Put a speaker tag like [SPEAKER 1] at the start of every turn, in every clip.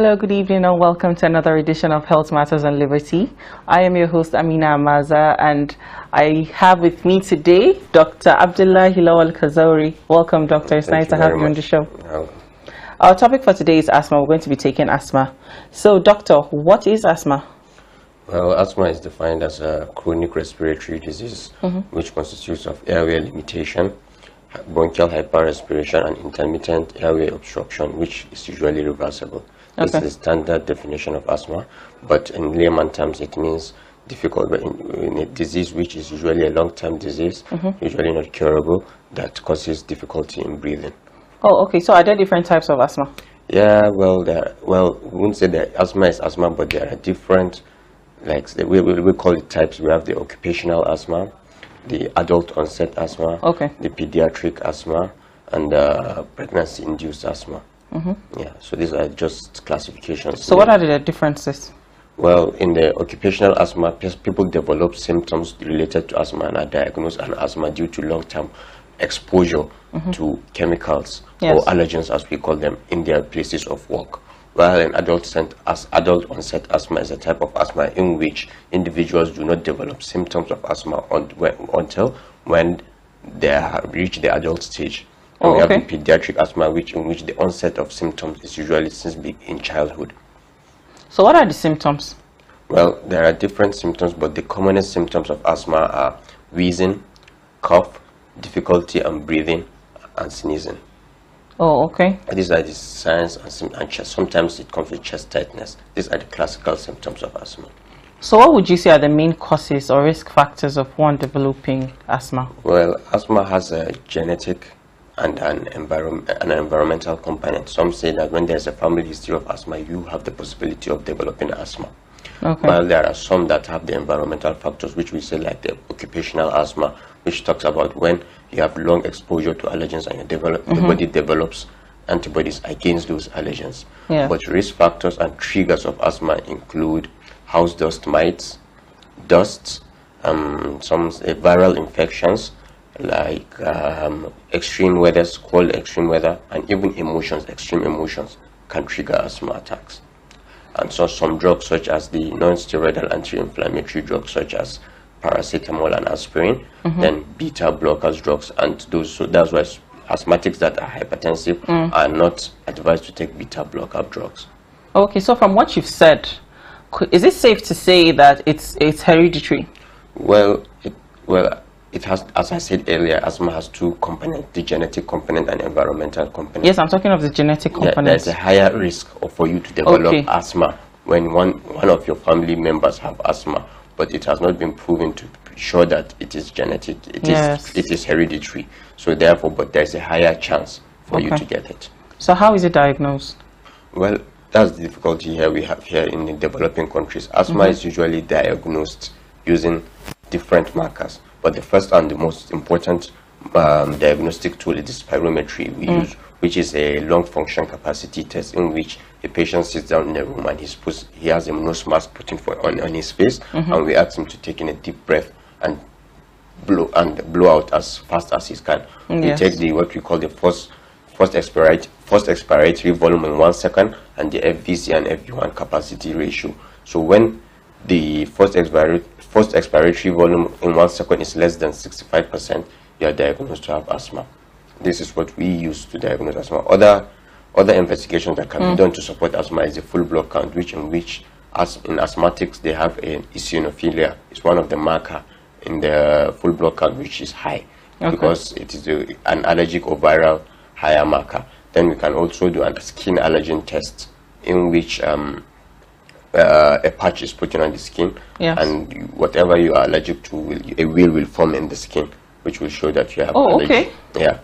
[SPEAKER 1] Hello, good evening, and welcome to another edition of Health Matters and Liberty. I am your host, Amina Amaza, and I have with me today Dr. Abdullah Hilal Kazouri. Welcome, Doctor. It's Thank nice to have you on the show. Our topic for today is asthma. We're going to be taking asthma. So, Doctor, what is asthma?
[SPEAKER 2] Well, asthma is defined as a chronic respiratory disease mm -hmm. which constitutes of airway limitation, bronchial hyperrespiration, and intermittent airway obstruction, which is usually reversible. Okay. is the standard definition of asthma, but in layman terms, it means difficult in, in a disease which is usually a long-term disease, mm -hmm. usually not curable, that causes difficulty in breathing.
[SPEAKER 1] Oh, okay. So are there different types of asthma?
[SPEAKER 2] Yeah, well, there, well, we wouldn't say that asthma is asthma, but there are different, like we, we, we call it types. We have the occupational asthma, the adult onset asthma, okay. the pediatric asthma, and uh, pregnancy-induced asthma. Mm -hmm. Yeah, so these are just classifications. So, what are the
[SPEAKER 1] differences?
[SPEAKER 2] Well, in the occupational asthma, people develop symptoms related to asthma and are diagnosed as asthma due to long term exposure mm -hmm. to chemicals yes. or allergens, as we call them, in their places of work. While an adult, as adult onset asthma is a type of asthma in which individuals do not develop symptoms of asthma on, when, until when they reach the adult stage. Oh, we okay. have the pediatric asthma, which in which the onset of symptoms is usually since in childhood.
[SPEAKER 1] So, what are the symptoms?
[SPEAKER 2] Well, there are different symptoms, but the commonest symptoms of asthma are wheezing, cough, difficulty and breathing, and sneezing.
[SPEAKER 1] Oh, okay.
[SPEAKER 2] These are the signs, and, and sometimes it comes with chest tightness. These are the classical symptoms of asthma.
[SPEAKER 1] So what would you say are the main causes or risk factors of one developing asthma?
[SPEAKER 2] Well, asthma has a genetic and an, an environmental component. Some say that when there's a family history of asthma, you have the possibility of developing asthma. Okay. While there are some that have the environmental factors, which we say like the occupational asthma, which talks about when you have long exposure to allergens and develop, mm -hmm. the mm-hmm. body develops antibodies against those allergens. Yeah. But risk factors and triggers of asthma include house dust mites, dusts, um, some uh, viral infections, like um, extreme weather, cold extreme weather, and even emotions, extreme emotions can trigger asthma attacks. And so some drugs such as the non-steroidal anti-inflammatory drugs such as paracetamol and aspirin, mm -hmm. then beta blockers drugs, and those so that's why asthmatics that are hypertensive mm. are not advised to take beta blocker drugs.
[SPEAKER 1] Okay, so from what you've said, is it safe to say that it's it's hereditary? Well, it,
[SPEAKER 2] well, it has, as I said earlier, asthma has two components, the genetic component and environmental component. Yes, I'm
[SPEAKER 1] talking of the genetic component. There's a
[SPEAKER 2] higher risk for you to develop okay. asthma when one, one of your family members have asthma, but it has not been proven to sure that it is genetic, It yes. is it is hereditary. So therefore, but there's a higher chance for okay. you to get it.
[SPEAKER 1] So how is it diagnosed?
[SPEAKER 2] Well, that's the difficulty here we have here in the developing countries. Asthma mm -hmm. is usually diagnosed using different markers. But the first and the most important um, diagnostic tool is spirometry we mm. use, which is a lung function capacity test in which the patient sits down in a room and he's put, he has a nose mask put in for, on, on his face, mm -hmm. and we ask him to take in a deep breath and blow and blow out as fast as he can. we take the what we call the first first expiratory first expiratory volume in one second and the FVC and FV1 capacity ratio. So when the first expiratory First expiratory volume in one second is less than 65%, you are diagnosed to have asthma. This is what we use to diagnose asthma. Other other investigations that can mm. be done to support asthma is the full blood count, which in which as in asthmatics they have an eosinophilia. It's one of the marker in the full blood count which is high okay. because it is a, an allergic or viral higher marker. Then we can also do a skin allergen test in which um, uh, a patch is put on the skin, yes. and whatever you are allergic to, will, a wheel will form in the skin, which will show that you have oh, allergy. okay. Yeah.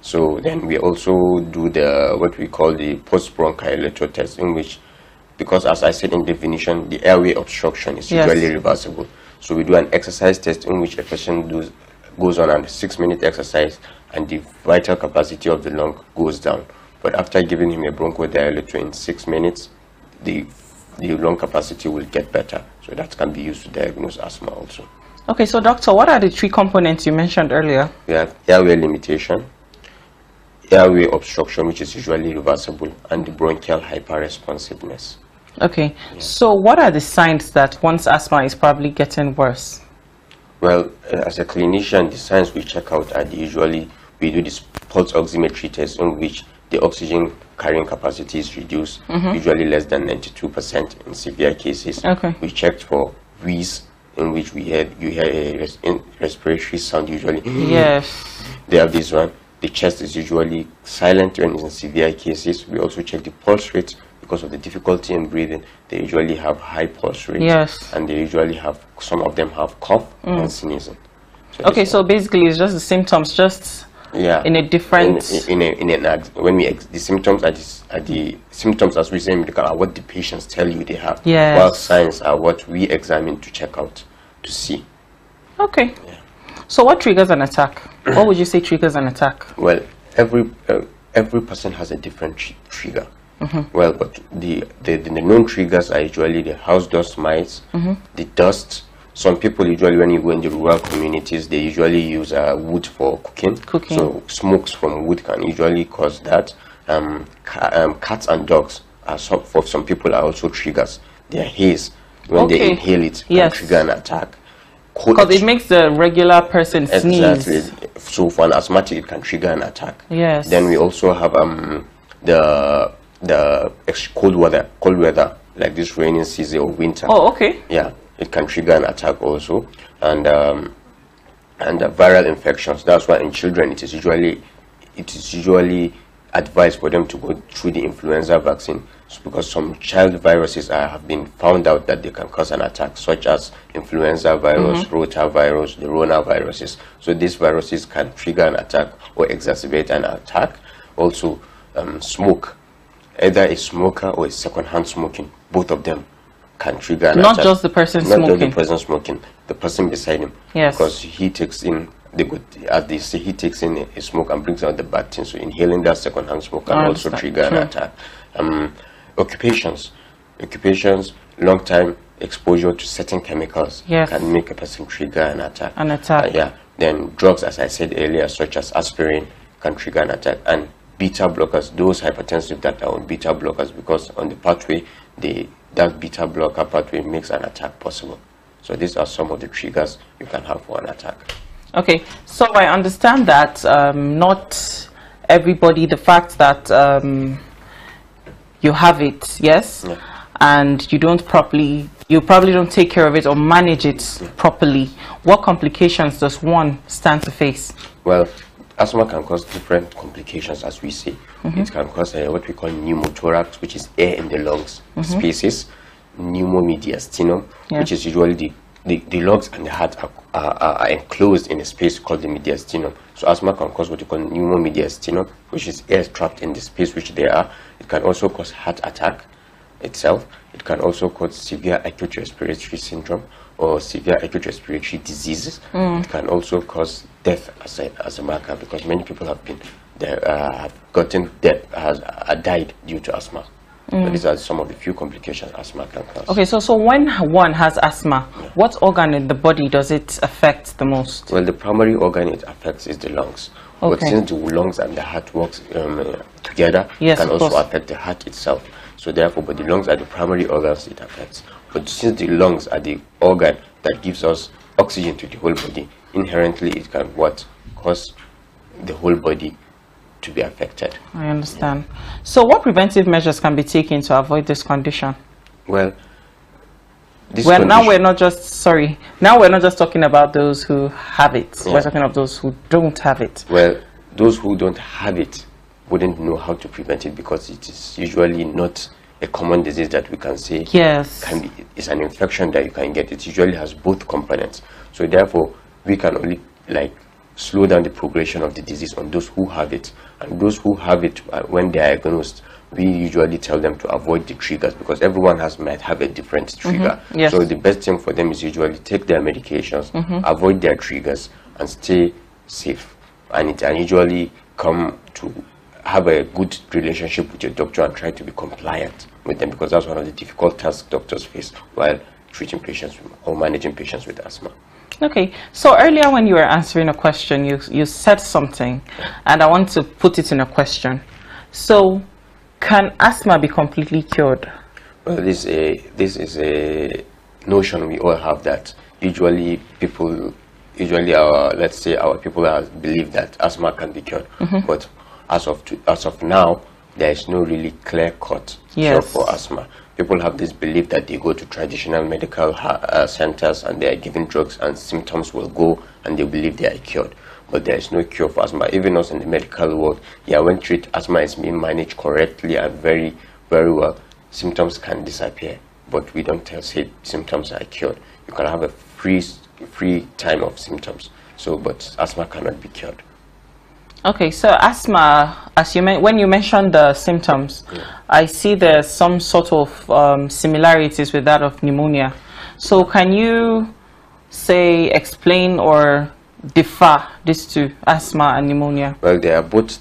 [SPEAKER 2] So then we also do the what we call the post-bronchiolator test, in which, because as I said in definition, the airway obstruction is yes. usually reversible. So we do an exercise test in which a patient does, goes on a six-minute exercise, and the vital capacity of the lung goes down. But after giving him a bronchodilator in six minutes, the your lung capacity will get better. So that can be used to diagnose asthma also.
[SPEAKER 1] Okay, so doctor, what are the three components you mentioned earlier?
[SPEAKER 2] We have airway limitation, airway obstruction, which is usually reversible, and bronchial hyperresponsiveness.
[SPEAKER 1] Okay, yeah. so what are the signs that one's asthma is probably getting worse?
[SPEAKER 2] Well, uh, as a clinician, the signs we check out are usually, we do this pulse oximetry test in which the oxygen carrying capacity is reduced, mm -hmm. usually less than 92% in severe cases. Okay. We checked for wheeze, in which we had you hear a res respiratory sound usually. Yes. they have this one. The chest is usually silent when it's in severe cases. We also check the pulse rate because of the difficulty in breathing. They usually have high pulse rate. Yes. And they usually have some of them have cough mm. and sneezing.
[SPEAKER 1] So okay, so basically it's just the symptoms, just yeah in a different
[SPEAKER 2] in, in, in, a, in an when we the symptoms are the, are the symptoms as we say in medical are what the patients tell you they have yeah while signs are what we examine to check out to see
[SPEAKER 1] okay yeah. so what triggers an attack what would you say triggers an attack
[SPEAKER 2] well every uh, every person has a different tr trigger mm -hmm. well but the, the, the known triggers are usually the house dust mites mm -hmm. the dust some people usually when you go in the rural communities they usually use uh, wood for cooking. cooking so smokes from wood can usually cause that um, ca um, cats and dogs are some, for some people are also triggers their haze when okay. they inhale it yes. can trigger an attack because it
[SPEAKER 1] makes the regular person sneeze exactly
[SPEAKER 2] so for an asthmatic it can trigger an attack yes then we also have um the the cold weather cold weather like this rainy season or winter oh okay yeah it can trigger an attack also and um, and uh, viral infections that's why in children it is usually it is usually advised for them to go through the influenza vaccine because some child viruses are, have been found out that they can cause an attack such as influenza virus, mm -hmm. rotavirus, the ronaviruses. So these viruses can trigger an attack or exacerbate an attack. Also um, smoke, either a smoker or a secondhand smoking, both of them can trigger an not attack. just the person not smoking. just the person smoking the person beside him yes because he takes in the good as they say he takes in a smoke and brings out the bad things so inhaling that secondhand smoke can also trigger True. an attack um, occupations occupations long time exposure to certain chemicals yes. can make a person trigger an attack an attack uh, yeah then drugs as i said earlier such as aspirin can trigger an attack and beta blockers those hypertensive that are on beta blockers because on the pathway they that beta blocker pathway makes an attack possible. So these are some of the triggers you can have for an attack.
[SPEAKER 1] Okay, so I understand that um, not everybody, the fact that um, you have it, yes, yeah. and you don't properly, you probably don't take care of it or manage it yeah. properly. What complications does one stand to face?
[SPEAKER 2] Well, asthma can cause different complications as we see. Mm -hmm. It can cause uh, what we call pneumothorax, which is air in the lungs mm -hmm. spaces, pneumomediastinum, yeah. which is usually the, the, the, lungs and the heart are, are, are, enclosed in a space called the mediastinum. So asthma can cause what you call pneumomediastinum, which is air trapped in the space which they are. It can also cause heart attack itself. It can also cause severe acute respiratory syndrome or severe acute respiratory diseases. Mm. It can also cause death as a, as a marker because many people have been there, uh, have gotten death has uh, died due to asthma. Mm. These are some of the few complications asthma can
[SPEAKER 1] cause. Okay, so so when one has asthma, yeah. what organ in the body does it affect the most?
[SPEAKER 2] Well, the primary organ it affects is the lungs. Okay. But since the lungs and the heart works um, together, yes, can also course. affect the heart itself. So therefore, but the lungs are the primary organs it affects. But since the lungs are the organ that gives us oxygen to the whole body, inherently it can what cause the whole body to be affected.
[SPEAKER 1] I understand. Yeah. So what preventive measures can be taken to avoid this condition? Well, this well, condition. now we're not just sorry. Now we're not just talking about those who have it. Yeah. We're talking of those who don't have it.
[SPEAKER 2] Well, those who don't have it wouldn't know how to prevent it because it is usually not a common disease that we can say yes can be it's an infection that you can get. It usually has both components. So therefore, we can only like slow down the progression of the disease on those who have it and those who have it uh, when they are diagnosed we usually tell them to avoid the triggers because everyone has might have a different mm-hmm. trigger mm -hmm. yes. so the best thing for them is usually take their medications mm -hmm. avoid their triggers and stay safe and it and usually come to have a good relationship with your doctor and try to be compliant with them because that's one of the difficult tasks doctors face while treating patients or managing patients with asthma
[SPEAKER 1] Okay, so earlier when you were answering a question, you, you said something, and I want to put it in a question. So, can asthma be completely cured? Well, this, a, this
[SPEAKER 2] is a notion we all have that usually people, usually our, let's say our people believe that asthma can be cured. Mm -hmm. But as of, to, as of now, there is no really clear-cut yes. cure for asthma people have this belief that they go to traditional medical uh, centers and they are given drugs and symptoms will go and they believe they are cured. But there is no cure for asthma. Even us in the medical world, yeah, when treat asthma is being managed correctly and very, very well, symptoms can disappear. But we don't tell say symptoms are cured. You can have a free, free time of symptoms. So, but asthma cannot be cured.
[SPEAKER 1] Okay, so asthma, as you when you mentioned the symptoms, yeah. I see there's some sort of um, similarities with that of pneumonia. So can you say explain or differ these two, asthma and pneumonia?
[SPEAKER 2] Well, they are both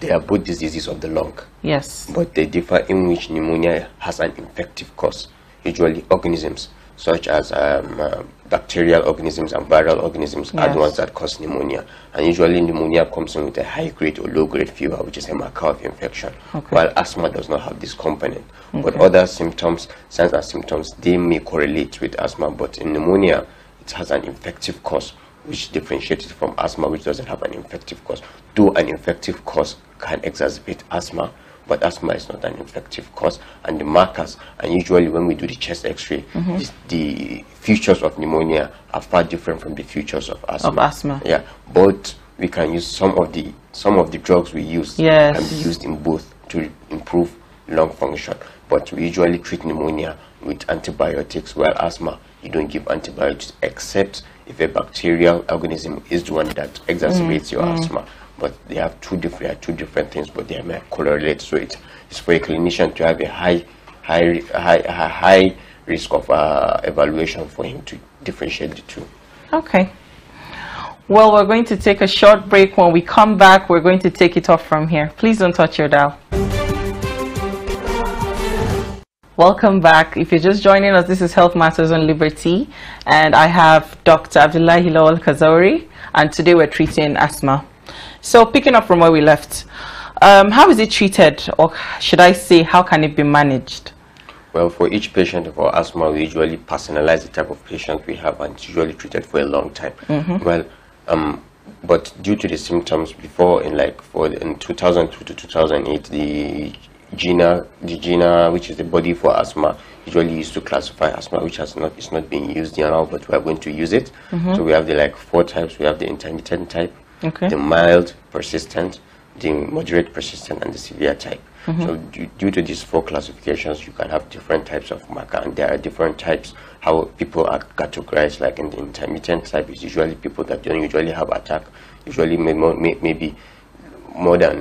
[SPEAKER 2] they are both diseases of the lung.
[SPEAKER 1] Yes. But
[SPEAKER 2] they differ in which pneumonia has an infective cause, usually organisms such as um, uh, bacterial organisms and viral organisms yes. are the ones that cause pneumonia. And usually pneumonia comes in with a high grade or low grade fever, which is a marker of infection, okay. while asthma does not have this component. Okay. But other symptoms, signs and symptoms, they may correlate with asthma, but in pneumonia, it has an infective cause, which differentiates it from asthma, which doesn't have an infective cause. Though an infective cause can exacerbate asthma, but asthma is not an infective cause. And the markers, and usually when we do the chest x-ray, mm -hmm. the features of pneumonia are far different from the features of asthma. Of asthma. Yeah, but we can use some of the some of the drugs we use yes. can be used in both to improve lung function. But we usually treat pneumonia with antibiotics, while asthma, you don't give antibiotics except if a bacterial organism is the one that exacerbates mm. your mm. asthma but they have two different two different things, but they are correlated. So it's, it's for a clinician to have a high high high high risk of uh, evaluation for him to differentiate the two.
[SPEAKER 1] Okay. Well, we're going to take a short break. When we come back, we're going to take it off from here. Please don't touch your dial. Welcome back. If you're just joining us, this is Health Matters on Liberty, and I have Dr. Abdullah Hilal Kazori, and today we're treating asthma. So picking up from where we left, um, how is it treated or should I say how can it be managed?
[SPEAKER 2] Well, for each patient for asthma, we usually personalize the type of patient we have and it's usually treated for a long time. Mm -hmm. Well, um, but due to the symptoms before in like for in 2002 to 2008, the GINA, the GINA, which is the body for asthma, usually used to classify asthma, which has not is not being used now, but we are going to use it. Mm -hmm. So we have the like four types. We have the intermittent type, okay. the mild persistent, the moderate persistent, and the severe type. Mm -hmm. So due to these four classifications, you can have different types of marker, and there are different types how people are categorized. Like in the intermittent type, is usually people that don't usually have attack, usually may, may, maybe more than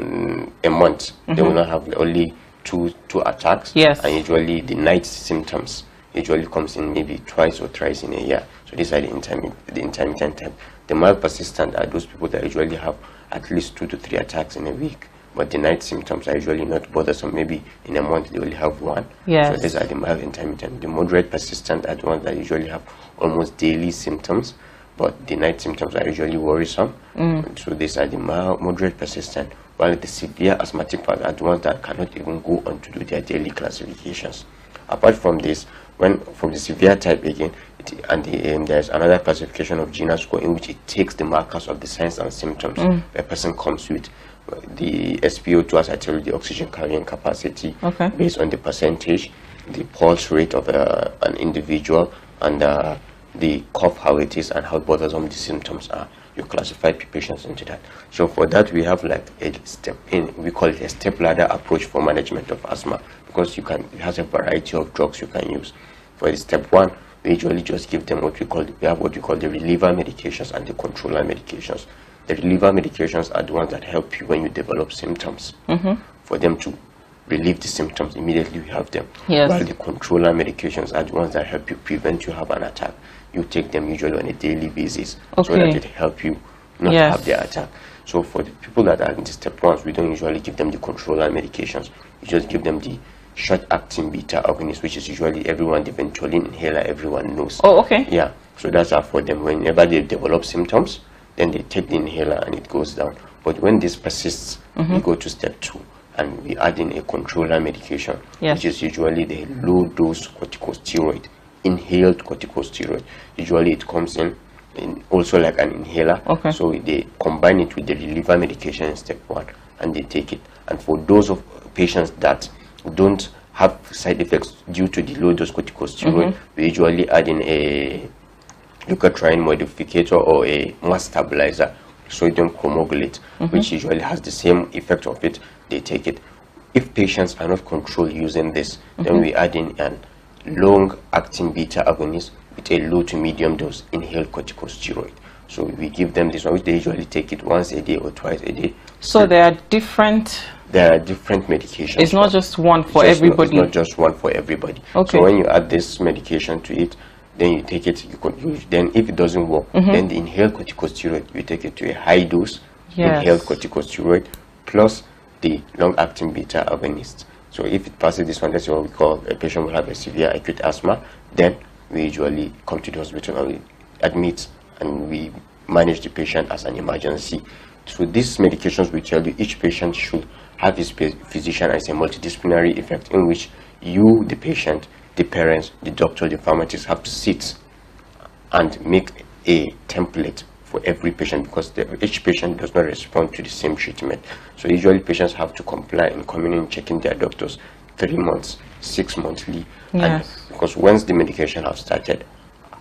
[SPEAKER 2] a month. Mm -hmm. They will mm-hmm. not have only two two attacks. Yes. And usually the night symptoms usually comes in maybe twice or thrice in a year. So these are the intermittent the intermittent type. The mild persistent are those people that usually have at least two to three attacks in a week. But the night symptoms are usually not bothersome. Maybe in a month they only have one. Yes. So these are the mild intermittent. The moderate persistent are the ones that usually have almost daily symptoms. But the night symptoms are usually worrisome. Mm. So these are the mild, moderate persistent. While the severe asthmatic are the ones that cannot even go on to do their daily classifications. Apart from this, when from the severe type again, and the, um, there's another classification of GINAS score in which it takes the markers of the signs and symptoms mm. a person comes with. The SPO2, as I tell you, the oxygen carrying capacity okay. based on the percentage, the pulse rate of uh, an individual, and uh, the cough, how it is, and how bothersome the symptoms are. You classify patients into that. So for that, we have like a step in. We call it a step ladder approach for management of asthma because you can. It has a variety of drugs you can use. For step one, we usually just give them what we call the, we have what we call the reliever medications and the controller medications. The reliever medications are the ones that help you when you develop symptoms. Mm -hmm. For them to relieve the symptoms immediately you have them. Yes. While the controller medications are the ones that help you prevent you have an attack. You take them usually on a daily basis okay. so that it help you not yes. have the attack. So for the people that are in the step ones, we don't usually give them the controller medications. We just give them the short-acting beta agonist, which is usually everyone, the Ventolin inhaler, everyone knows. Oh, okay. Yeah. So that's how for them. Whenever they develop symptoms, then they take the inhaler and it goes down. But when this persists, mm -hmm. we mm-hmm. go to step two and we add in a controller medication, yes. which is usually the low-dose corticosteroid, inhaled corticosteroid. Usually it comes in, in also like an inhaler. Okay. So they combine it with the reliever medication in step one and they take it. And for those of patients that don't have side effects due to the low dose corticosteroid, mm -hmm. we usually add in a leukotriene modificator or a mass stabilizer, sodium coagulate, mm -hmm. which usually has the same effect of it. They take it. If patients are not controlled using this, mm -hmm. then mm-hmm. we add in a long-acting beta agonist with a low to medium dose inhaled corticosteroid. So we give them this one, which they usually take it once a day or twice a day.
[SPEAKER 1] So there are different
[SPEAKER 2] there are different medications. It's
[SPEAKER 1] not just one for just everybody. No, it's not
[SPEAKER 2] just one for everybody. Okay. So when you add this medication to it, then you take it. You, you then if it doesn't work, mm -hmm. then the inhaled corticosteroid you take it to a high dose. Yes. Inhaled corticosteroid plus the long-acting beta agonist. So if it passes this one, that's what we call a patient will have a severe acute asthma. Then we usually come to the hospital and we admit and we manage the patient as an emergency. So these medications will tell you each patient should have his physician as a multidisciplinary effect in which you, the patient, the parents, the doctor, the pharmacist have to sit and make a template for every patient because the, each patient does not respond to the same treatment. So usually patients have to comply and coming in checking their doctors three months, six monthly. Yes. And because once the medication has started,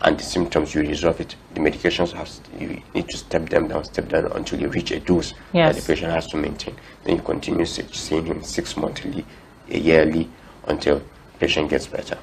[SPEAKER 2] and the symptoms, you resolve it. The medications have you need to step them down, step down until you reach a dose yes. that the patient has to maintain. Then you continue seeing him six monthly, yearly, until patient gets better.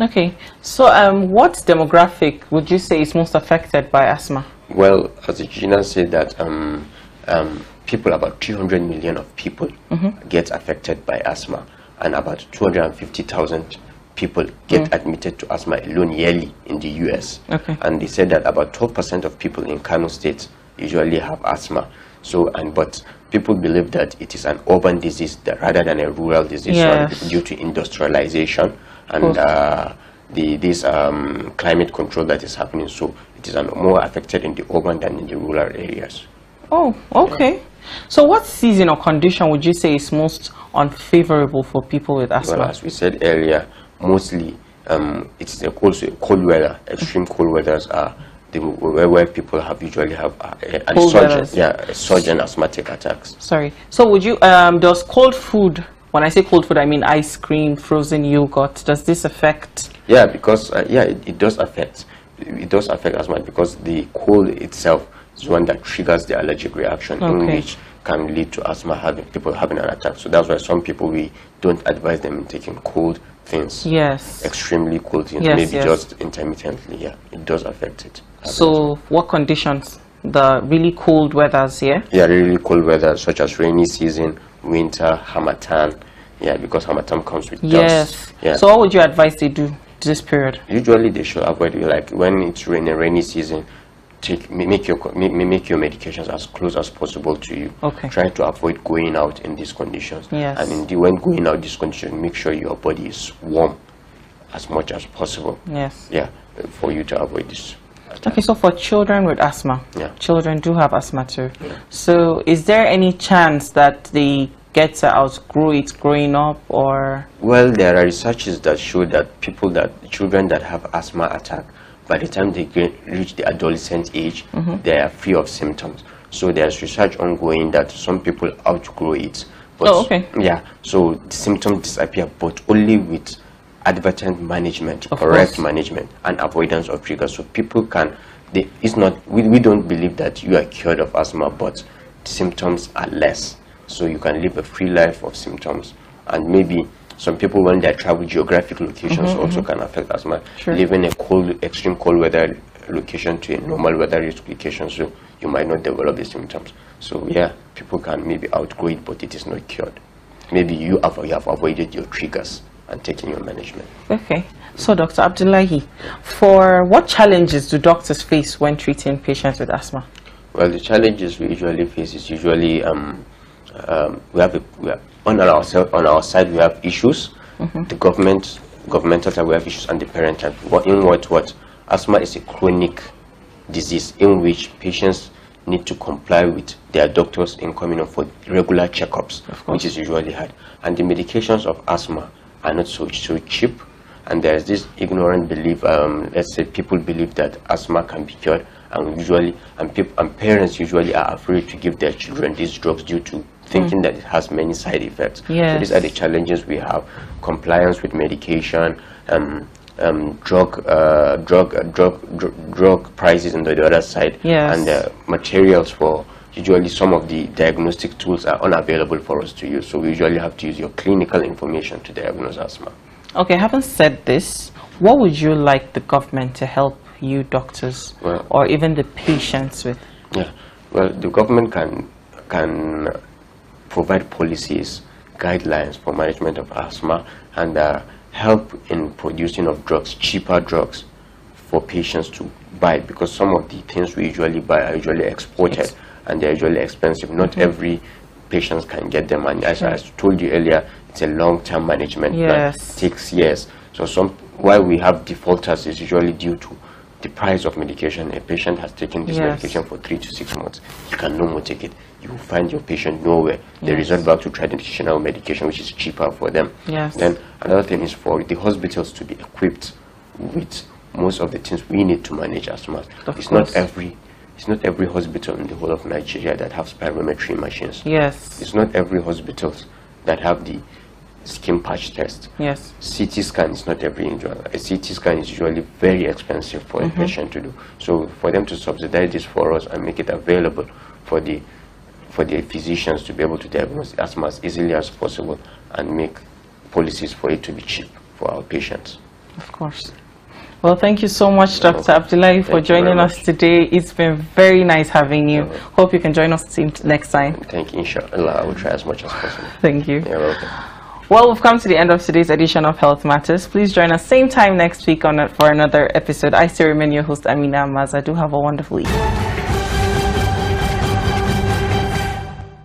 [SPEAKER 1] Okay, so um, what demographic would you say is most affected by asthma?
[SPEAKER 2] Well, as Gina said that um, um, people, about 300 million of people mm -hmm. get affected by asthma and about 250,000 people get mm. admitted to asthma alone yearly in the US. Okay. And they said that about 12% of people in Kano State usually have asthma. So, and but people believe that it is an urban disease that, rather than a rural disease yes. due to industrialization and uh, the, this um, climate control that is happening. So it is an, more affected in the urban than in the rural areas.
[SPEAKER 1] Oh, okay. Yeah. So what season or condition would you say is most unfavorable for people with asthma? Well, as we
[SPEAKER 2] said earlier, mostly um, it's a cold, weather. Extreme cold weathers are the where, where people have usually have uh, a, a surgeon, yeah, surgeon asthmatic attacks.
[SPEAKER 1] Sorry. So would you um, does cold food? When I say cold food, I mean ice cream, frozen yogurt. Does this affect?
[SPEAKER 2] Yeah, because uh, yeah, it, it, does affect. It does affect asthma because the cold itself is one that triggers the allergic reaction, okay. in which can lead to asthma having people having an attack. So that's why some people we don't advise them in taking cold things. Yes. Extremely cold things. Yes, Maybe yes. just intermittently. Yeah, it does affect it.
[SPEAKER 1] So, what conditions? The really cold weathers, here.
[SPEAKER 2] Yeah, really cold weather, such as rainy season, winter, hamatan. Yeah, because hamatan comes with yes. dust. Yes. Yeah. So, what
[SPEAKER 1] would you advise they do this period?
[SPEAKER 2] Usually, they should avoid, like, when it's rainy, rainy season, take make your make your medications as close as possible to you. Okay. Try to avoid going out in these conditions. Yes. And indeed, when going out these conditions, make sure your body is warm as much as possible. Yes. Yeah, for you to avoid this.
[SPEAKER 1] Okay, so for children with asthma, yeah. children do have asthma too. Yeah. So is there any chance that they get to outgrow it growing up or?
[SPEAKER 2] Well, there are researches that show that people that, children that have asthma attack, by the time they reach the adolescent age, mm -hmm. they are free of symptoms. So there's research ongoing that some people outgrow it. But, oh, okay. Yeah, so the symptoms disappear, but only with advertent management, of correct course. management, and avoidance of triggers. So people can, they, it's not, we, we don't believe that you are cured of asthma, but symptoms are less. So you can live a free life of symptoms. And maybe some people when they travel geographic locations mm -hmm, also mm -hmm. can affect asthma sure. living a cold extreme cold weather location to a normal weather location so you might not develop the symptoms so yeah people can maybe outgrow it but it is not cured maybe you have, you have avoided your triggers and taking your management
[SPEAKER 1] okay so dr abdullahi for what challenges do doctors face when treating patients with asthma
[SPEAKER 2] well the challenges we usually face is usually um, um, we have a we have on our on our side we have issues. Mm -hmm. The government governmental side we have issues, and the parent side. What in what what asthma is a chronic disease in which patients need to comply with their doctors in coming up for regular checkups, which is usually hard. And the medications of asthma are not so so cheap. And there's this ignorant belief, um, let's say people believe that asthma can be cured, and usually, and, and parents usually are afraid to give their children these drugs due to thinking mm. that it has many side effects. Yes. So these are the challenges we have. Compliance with medication, um, um, drug, uh, drug, uh, drug, dr drug prices on the, the other side, uh, yes. and the materials for usually some of the diagnostic tools are unavailable for us to use. So we usually have to use your clinical information to diagnose asthma.
[SPEAKER 1] Okay, having said this, what would you like the government to help you doctors well, or even the patients with?
[SPEAKER 2] Yeah, well, the government can can provide policies, guidelines for management of asthma, and uh, help in producing of drugs, cheaper drugs for patients to buy because some of the things we usually buy are usually exported yes. and they're usually expensive. Not mm -hmm. every patients can get them and as I told you earlier, it's a long-term management yes. plan, six years. So some why we have defaulters is usually due to the price of medication. A patient has taken this yes. medication for three to six months. He can no more take it you find your patient nowhere. Yes. They resort back to traditional medication, which is cheaper for them. Yes. Then another thing is for the hospitals to be equipped with most of the things we need to manage asthma. Of it's course. not every it's not every hospital in the whole of Nigeria that have spirometry machines. Yes. It's not every hospital that have the skin patch test. Yes. CT scan is not every individual. A CT scan is usually very expensive for mm -hmm. a mm-hmm. patient to do. So for them to subsidize this for us and make it available for the for the physicians to be able to diagnose asthma as easily as possible and make policies for it to be cheap for our patients.
[SPEAKER 1] Of course. Well, thank you so much, Dr. Abdullahi, for joining us today. It's been very nice having you. Hope you can join us next time. Thank you, inshallah. I will try as much as possible. thank you. You're welcome. Well, we've come to the end of today's edition of Health Matters. Please join us same time next week on for another episode. I still remain your host, Amina Maza. Do have a wonderful evening.